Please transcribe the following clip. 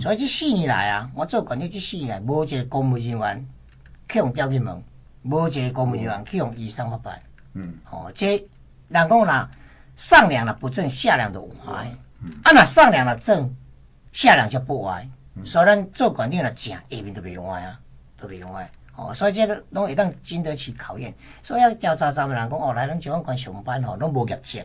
所以這四年來啊，我做管理這四年來沒有一個公務人員去用門沒文，一個公務員、嗯喔、人員去用醫生發牌。嗯，哦，即人講啦，上梁了不正，下梁都歪。嗯，啊，那上梁了正，下梁就不歪。所以咱做管理嘅正，下邊都唔歪啊，都唔歪。哦，所以即個都會當經得起考驗。所以要調查咱、喔、們人講，哦，來咱上公關上班，哦，我冇業績。